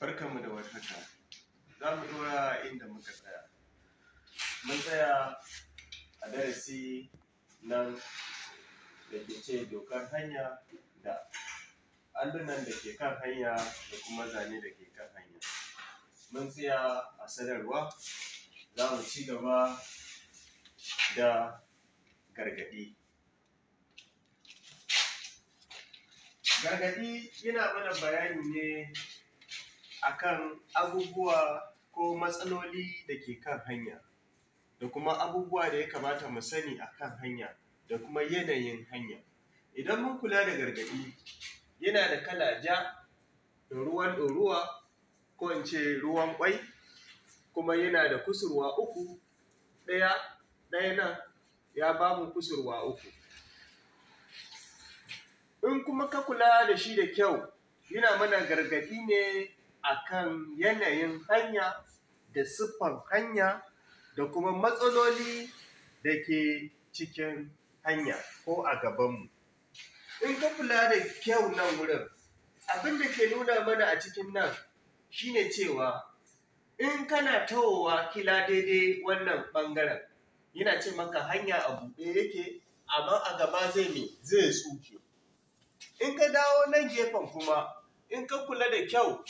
barkanmu da warhaka za mu dora inda muka tsaya mun tsaya a darasi nan da ke ce dokar hanya da allunan da ke kan hanya da kuma zane da ke kan hanya mun tsaya a sadarwa za mu ci gaba da gargadi. Gargadi yana mana bayani ne akan abubuwa ko matsaloli da ke kan hanya da kuma abubuwa da ya kamata mu sani akan hanya da kuma yanayin hanya idan mun kula da gargaɗi yana da kala ja da ruwan ɗoruwa ko in ce ruwan ƙwai kuma yana da kusurwa uku ɗaya ɗaya nan ya babu kusurwa uku in kuma ka kula da shi da kyau yana mana gargaɗi ne akan yanayin hanya da siffan hanya da kuma matsaloli da ke cikin hanya ko a gabanmu. In ka kula da kyau nan wurin, abin da ke nuna mana a cikin nan shine cewa in kana tawowa kila daidai wannan ɓangaren yana ce maka hanya a buɗe yake amma a gaba zai ne zai tsuke. In ka dawo nan gefen kuma in ka kula da kyau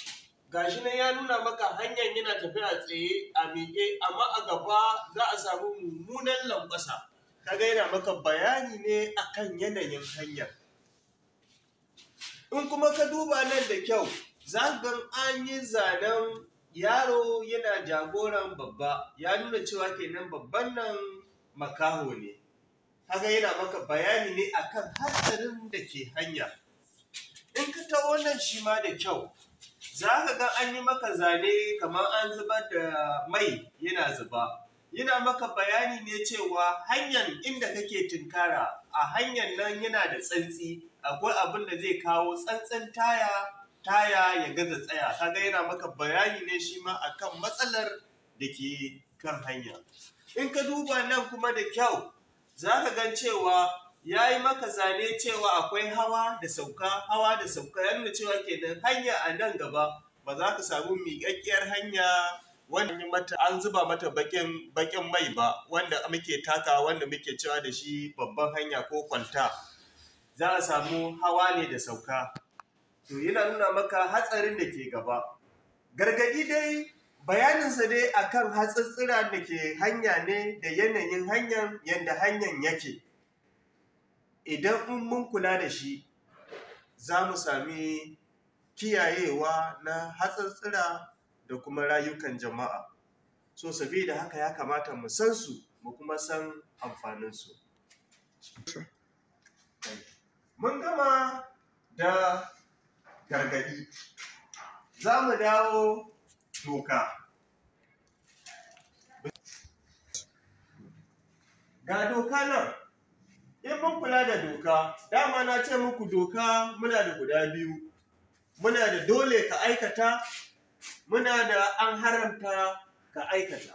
gashi nan ya nuna maka hanyar yana tafiya tsaye a miƙe amma a gaba za a samu mummunan lankwasa kaga yana maka bayani ne akan yanayin hanyar in kuma ka duba nan da kyau za ga an yi zanen yaro yana jagoran babba ya nuna cewa kenan babban nan makaho ne kaga yana maka bayani ne akan hatsarin da ke hanya in ka ta wannan shi ma da kyau za ka ga an yi maka zane kamar an zubar da mai yana zuba yana maka bayani ne cewa hanyar inda kake tunkara a hanyar nan yana da tsantsi akwai abin da zai kawo tsantsan taya taya ya gaza tsaya kaga yana maka bayani ne shi ma akan matsalar da ke kan hanya in ka duba nan kuma da kyau za ka gan cewa ya yi maka zane cewa akwai hawa da sauka hawa da sauka ya nuna cewa kenan hanya a nan gaba ba za ka samu miƙaƙƙiyar hanya wanda mata an zuba mata bakin bakin mai ba wanda muke taka wanda muke cewa da shi babban hanya ko kwanta za a samu hawa ne da sauka to yana nuna maka hatsarin da ke gaba gargadi dai bayaninsa dai akan hatsatsira da ke hanya ne da yanayin hanyar yadda hanyar yake idan in mun kula da shi za mu sami kiyayewa na hatsatsira da kuma rayukan jama'a so da haka ya kamata mu san su mu kuma san amfanin su. mun gama da gargadi za mu dawo doka ga doka nan in mun kula da doka dama na ce muku doka muna da guda biyu muna da dole ka aikata muna da an haramta ka aikata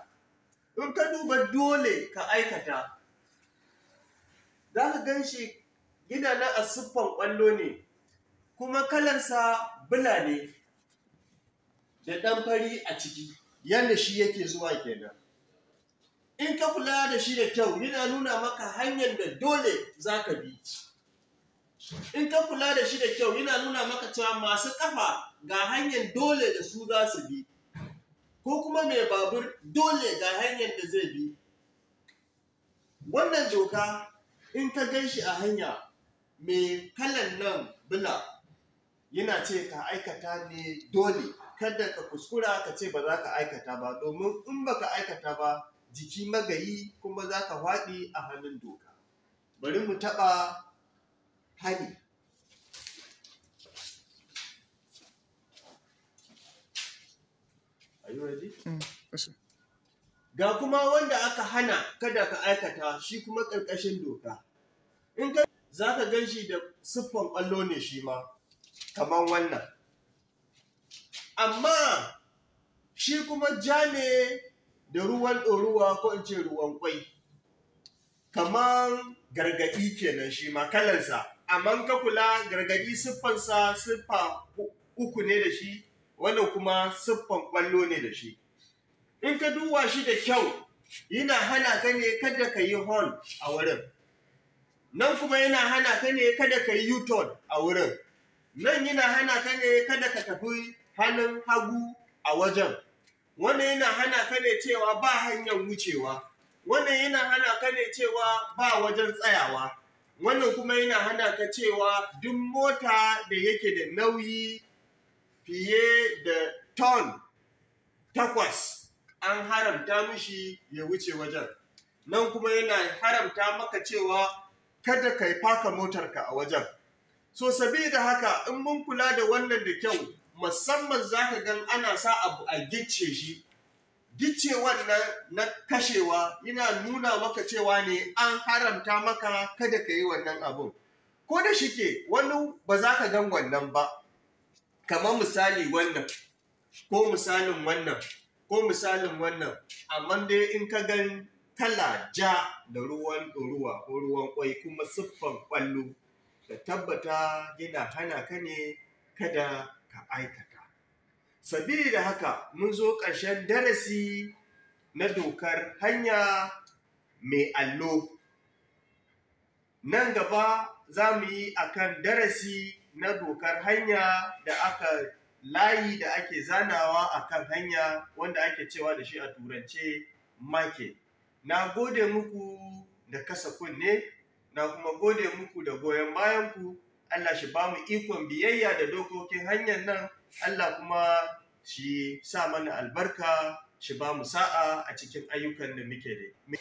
in ka duba dole ka aikata za ka gan shi gida na a siffan ƙwallo ne kuma kalansa bula ne da ɗan fari a ciki yadda shi yake zuwa kenan in ka kula da shi da kyau yana nuna maka hanyar da dole za ka bi in ka kula da shi da kyau yana nuna maka cewa masu kafa ga hanyar dole da su za su bi ko kuma mai babur dole ga hanyar da zai bi wannan doka in ka gan shi a hanya mai kalan nan bula yana ce ka aikata ne dole kada ka kuskura ka ce ba za ka aikata ba domin in ba ka aikata ba jiki magayi kuma za ka waɗi a hannun doka bari mu taɓa haɗi. Mm, ga kuma wanda aka hana kada ka aikata shi kuma ƙarƙashin doka in ka za ka gan shi da siffan ƙwallo ne shi ma kamar wannan amma shi kuma ja ne da ruwan ɗoruwa ko in ce ruwan ƙwai? kamar gargaɗi kenan shi ma kalansa amma ka kula gargaɗi siffansa siffa uku ne da shi wannan kuma siffan ƙwallo ne da shi in ka duba shi da kyau yana hana ka ne kada ka yi horn a wurin nan kuma yana hana ka ne kada ka yi u a wurin nan yana hana ka ne kada ka tafi hannun hagu a wajen wannan yana hana ka ne cewa ba hanyar wucewa wannan yana hana ka ne cewa ba wajen tsayawa wannan kuma yana hana ka cewa duk mota da yake da nauyi fiye da ton takwas an haramta mishi ya wuce wajen nan kuma yana haramta maka cewa kada ka faka motarka a wajen so da haka in mun kula da wannan da kyau musamman za ka gan ana sa abu a gicce shi giccewan nan na kashewa yana nuna maka cewa ne an haramta maka kada ka yi wannan abun ko da shi ke wani ba za ka gan wannan ba kamar misali wannan ko misalin wannan ko misalin wannan amma dai in ka gan kala ja da ruwan ruwa ko ruwan kwai kuma siffan kwallo da tabbata yana hana ka ne kada ka aikata sabida haka mun zo ƙarshen darasi na dokar hanya mai allo nan gaba za mu yi a kan darasi na dokar hanya da aka layi da ake zanawa a kan hanya wanda ake cewa da shi a turance make na gode muku da kasa kunne na kuma gode muku da goyon bayanku Allah shi ba mu ikon biyayya da dokokin hanyar nan Allah kuma shi sa mana albarka shi ba mu sa'a a cikin ayyukan da muke da